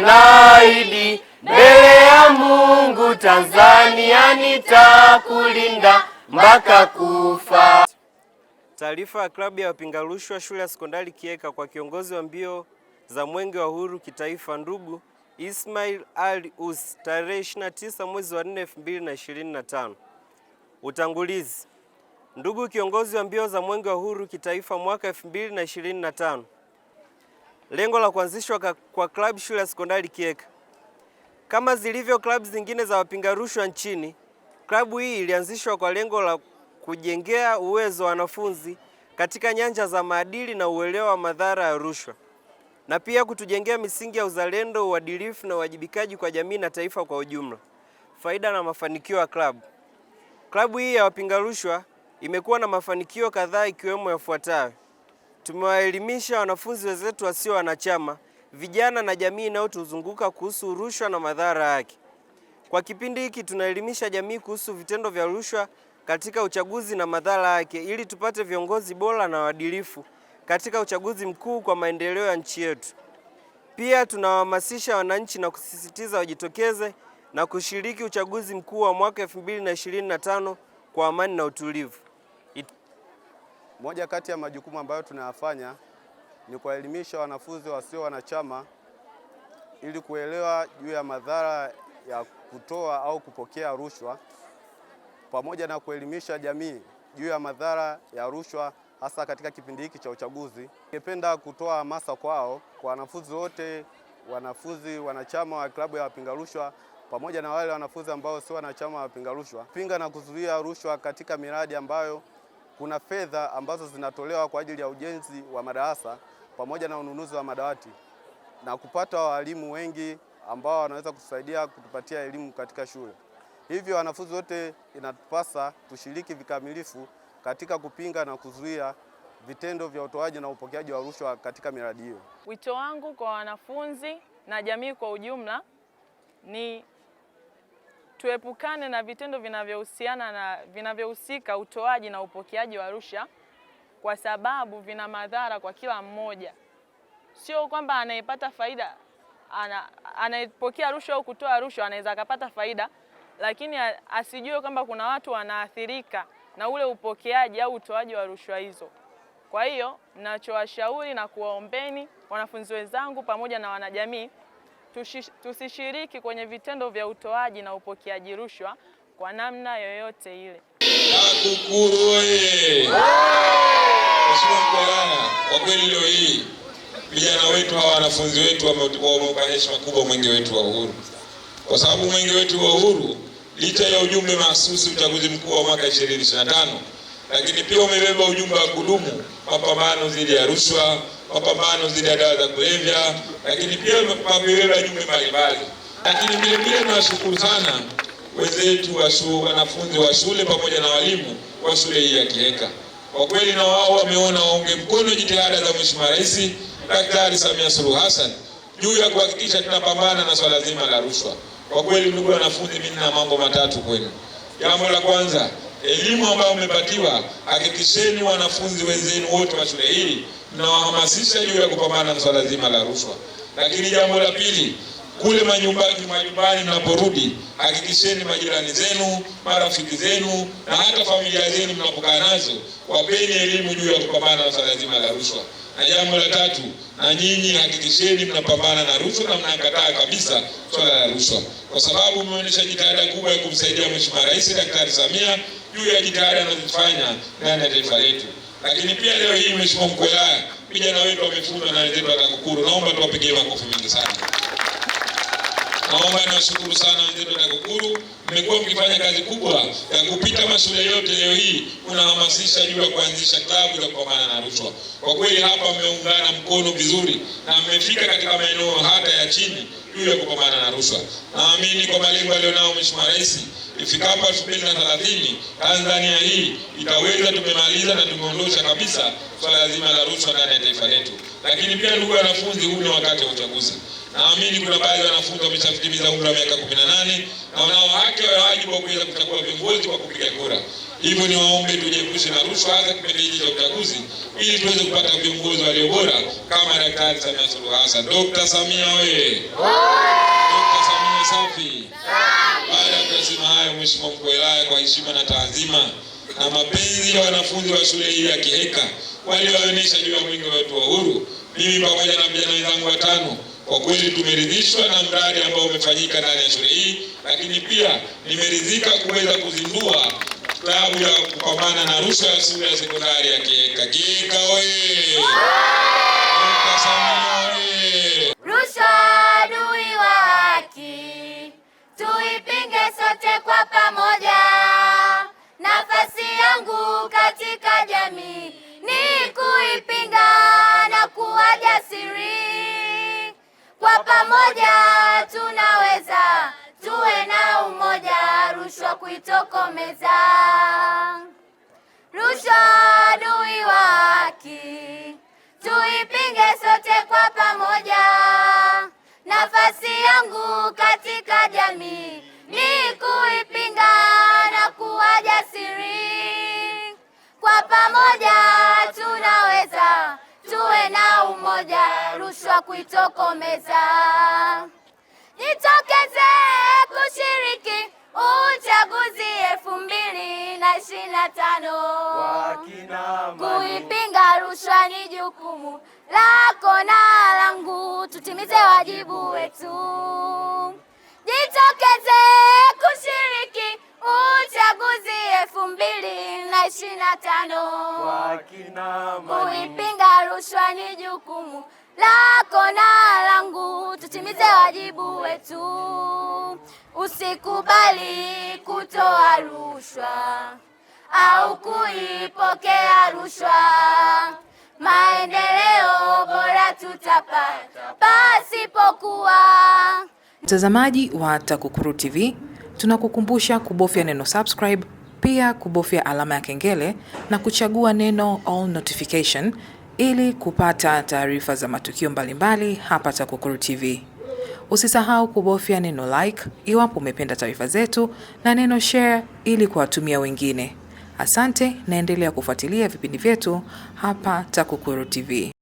naahidi mbele ya Mungu, Tanzania nitakulinda mpaka kufa. Taarifa ya klabu ya wapinga rushwa shule ya sekondari Kieka kwa kiongozi wa mbio za mwenge wa uhuru kitaifa ndugu Ismail Ali Us tarehe 29 mwezi wa 4 2025. Utangulizi. Ndugu kiongozi wa mbio za mwenge wa uhuru kitaifa mwaka 2025 lengo la kuanzishwa kwa klabu shule ya sekondari Kieka. Kama zilivyo klabu zingine za wapinga rushwa nchini, klabu hii ilianzishwa kwa lengo la kujengea uwezo wa wanafunzi katika nyanja za maadili na uelewa wa madhara ya rushwa na pia kutujengea misingi ya uzalendo, uadilifu na uwajibikaji kwa jamii na taifa kwa ujumla. Faida na mafanikio ya klabu. Klabu hii ya wapinga rushwa imekuwa na mafanikio kadhaa ikiwemo yafuatayo: Tumewaelimisha wanafunzi wenzetu wasio wanachama, vijana na jamii inayotuzunguka kuhusu rushwa na madhara yake. Kwa kipindi hiki tunaelimisha jamii kuhusu vitendo vya rushwa katika uchaguzi na madhara yake ili tupate viongozi bora na waadilifu katika uchaguzi mkuu kwa maendeleo ya nchi yetu. Pia tunawahamasisha wananchi na kusisitiza wajitokeze na kushiriki uchaguzi mkuu wa mwaka 2025 kwa amani na utulivu. Moja kati ya majukumu ambayo tunayafanya ni kuwaelimisha wanafunzi wasio wanachama ili kuelewa juu ya madhara ya kutoa au kupokea rushwa pamoja na kuelimisha jamii juu ya madhara ya rushwa hasa katika kipindi hiki cha uchaguzi. Ningependa kutoa hamasa kwao, kwa wanafunzi wote, wanafunzi wanachama wa klabu ya wapinga rushwa pamoja na wale wanafunzi ambao sio wanachama wa wapinga rushwa, pinga na kuzuia rushwa katika miradi ambayo kuna fedha ambazo zinatolewa kwa ajili ya ujenzi wa madarasa pamoja na ununuzi wa madawati na kupata walimu wengi ambao wanaweza kutusaidia kutupatia elimu katika shule. Hivyo wanafunzi wote inatupasa tushiriki vikamilifu katika kupinga na kuzuia vitendo vya utoaji na upokeaji wa rushwa katika miradi hiyo. Wito wangu kwa wanafunzi na jamii kwa ujumla ni tuepukane na vitendo vinavyohusiana na vinavyohusika utoaji na upokeaji wa rushwa kwa sababu vina madhara kwa kila mmoja. Sio kwamba anayepata faida ana, anayepokea rushwa au kutoa rushwa anaweza akapata faida, lakini asijue kwamba kuna watu wanaathirika na ule upokeaji au utoaji wa rushwa hizo. Kwa hiyo nachowashauri na kuwaombeni wanafunzi wenzangu pamoja na wanajamii tusishiriki kwenye vitendo vya utoaji na upokeaji rushwa kwa namna yoyote ile. oye! kwa kweli leo hii vijana wetu hawa wanafunzi wetu wameupa heshima kubwa mwenge wetu wa uhuru, kwa sababu mwenge wetu wa uhuru licha ya ujumbe mahsusi uchaguzi mkuu wa mwaka 2025 lakini pia umebeba ujumbe wa kudumu, mapambano dhidi ya rushwa mapambano dhidi ya dawa za kulevya, lakini pia mabeba jumbe mbalimbali. Lakini vile vile nawashukuru sana wenzetu wanafunzi wa shule pamoja na walimu wa shule hii ya Kiheka. Kwa kweli na wao wameona waunge mkono jitihada za Mheshimiwa Rais Daktari Samia Suluhu Hassan juu ya kuhakikisha tunapambana na swala zima la rushwa. Kwa kweli, ndugu wanafunzi, mimi na mambo matatu kwenu. Jambo la kwanza elimu ambayo mmepatiwa, hakikisheni wanafunzi wenzenu wote wa shule hii mnawahamasisha juu ya kupambana na swala zima la rushwa. Lakini jambo la pili, kule manyumbani majumbani mnaporudi, hakikisheni majirani zenu, marafiki zenu na hata familia zenu mnapokaa nazo, wapeni elimu juu ya kupambana na swala zima la rushwa. Na jambo la tatu, na nyinyi hakikisheni mnapambana na rushwa na mnakataa kabisa swala la rushwa, kwa sababu mmeonyesha jitihada kubwa ya kumsaidia Mheshimiwa Rais Daktari Samia juu ya jitihada anazofanya ndani ya taifa letu. Lakini pia leo hii, Mheshimiwa Mkuu wa Wilaya, vijana wetu wamefunzwa na wenzetu wa TAKUKURU. Naomba tuwapigie makofi mengi sana. Naomba niwashukuru sana wenzetu TAKUKURU, mmekuwa mkifanya kazi kubwa ya kupita mashule yote. Leo hii unahamasisha juu ya kuanzisha klabu za kupambana na rushwa. Kwa kweli hapa mmeungana mkono vizuri na mmefika katika maeneo hata ya chini juu ya kupambana na rushwa. Naamini kwa malengo alionao Mheshimiwa Rais, ifikapo 2030 Tanzania hii itaweza tumemaliza na tumeondosha kabisa swala zima la rushwa ndani ya taifa letu. Lakini pia ndugu wanafunzi, huu ni wakati wa uchaguzi. Naamini kuna baadhi ya wanafunzi wameshafikimiza umri wa miaka 18 na wanao haki wa wajibu wa kuweza kuchagua viongozi wa kupiga kura. Hivyo ni waombe tujiepushe na rushwa, hasa kipindi hiki cha uchaguzi, ili tuweze kupata viongozi walio bora kama Daktari Samia Suluhu Hassan. Dokta Samia we, Dokta Samia safi. Baada ya kusema hayo, Mheshimiwa mkuu wa wilaya, kwa heshima na taadhima na mapenzi ya wanafunzi wa shule hii ya Kiheka walioonyesha juu ya mwingi wetu wa uhuru, mimi pamoja na vijana wenzangu watano kwa kweli tumeridhishwa na mradi ambao umefanyika ndani ya shule hii, lakini pia nimeridhika kuweza kuzindua kitabu ya kupambana na rushwa ya shule ya sekondari ya Kieka. Kieka oye! Rushwa adui wa haki, tuipinge sote kwa pamoja. Nafasi yangu katika jamii ni kuipinga na kuwa jasiri pamoja tunaweza, tuwe na umoja, rushwa kuitokomeza. Rushwa adui wa haki, tuipinge sote kwa pamoja. Nafasi yangu katika jamii ni kuipinga na kuwa jasiri. Kwa pamoja tunaweza tuwe na umoja, rushwa kuitokomeza. Jitokeze kushiriki uchaguzi elfu mbili na ishirini na tano. Kuipinga rushwa ni jukumu lako na langu, tutimize wajibu wetu. Jitokeze kushiriki uchaguzi elfu mbili na ishirini na tano rushwa ni jukumu lako na langu, tutimize wajibu wetu, usikubali kutoa rushwa au kuipokea rushwa. Maendeleo bora tutapata pasipokuwa. Mtazamaji wa TAKUKURU TV, tunakukumbusha kubofya neno subscribe, pia kubofya alama ya kengele na kuchagua neno all notification ili kupata taarifa za matukio mbalimbali hapa TAKUKURU TV. Usisahau kubofya neno like iwapo umependa taarifa zetu na neno share ili kuwatumia wengine. Asante, naendelea kufuatilia vipindi vyetu hapa TAKUKURU TV.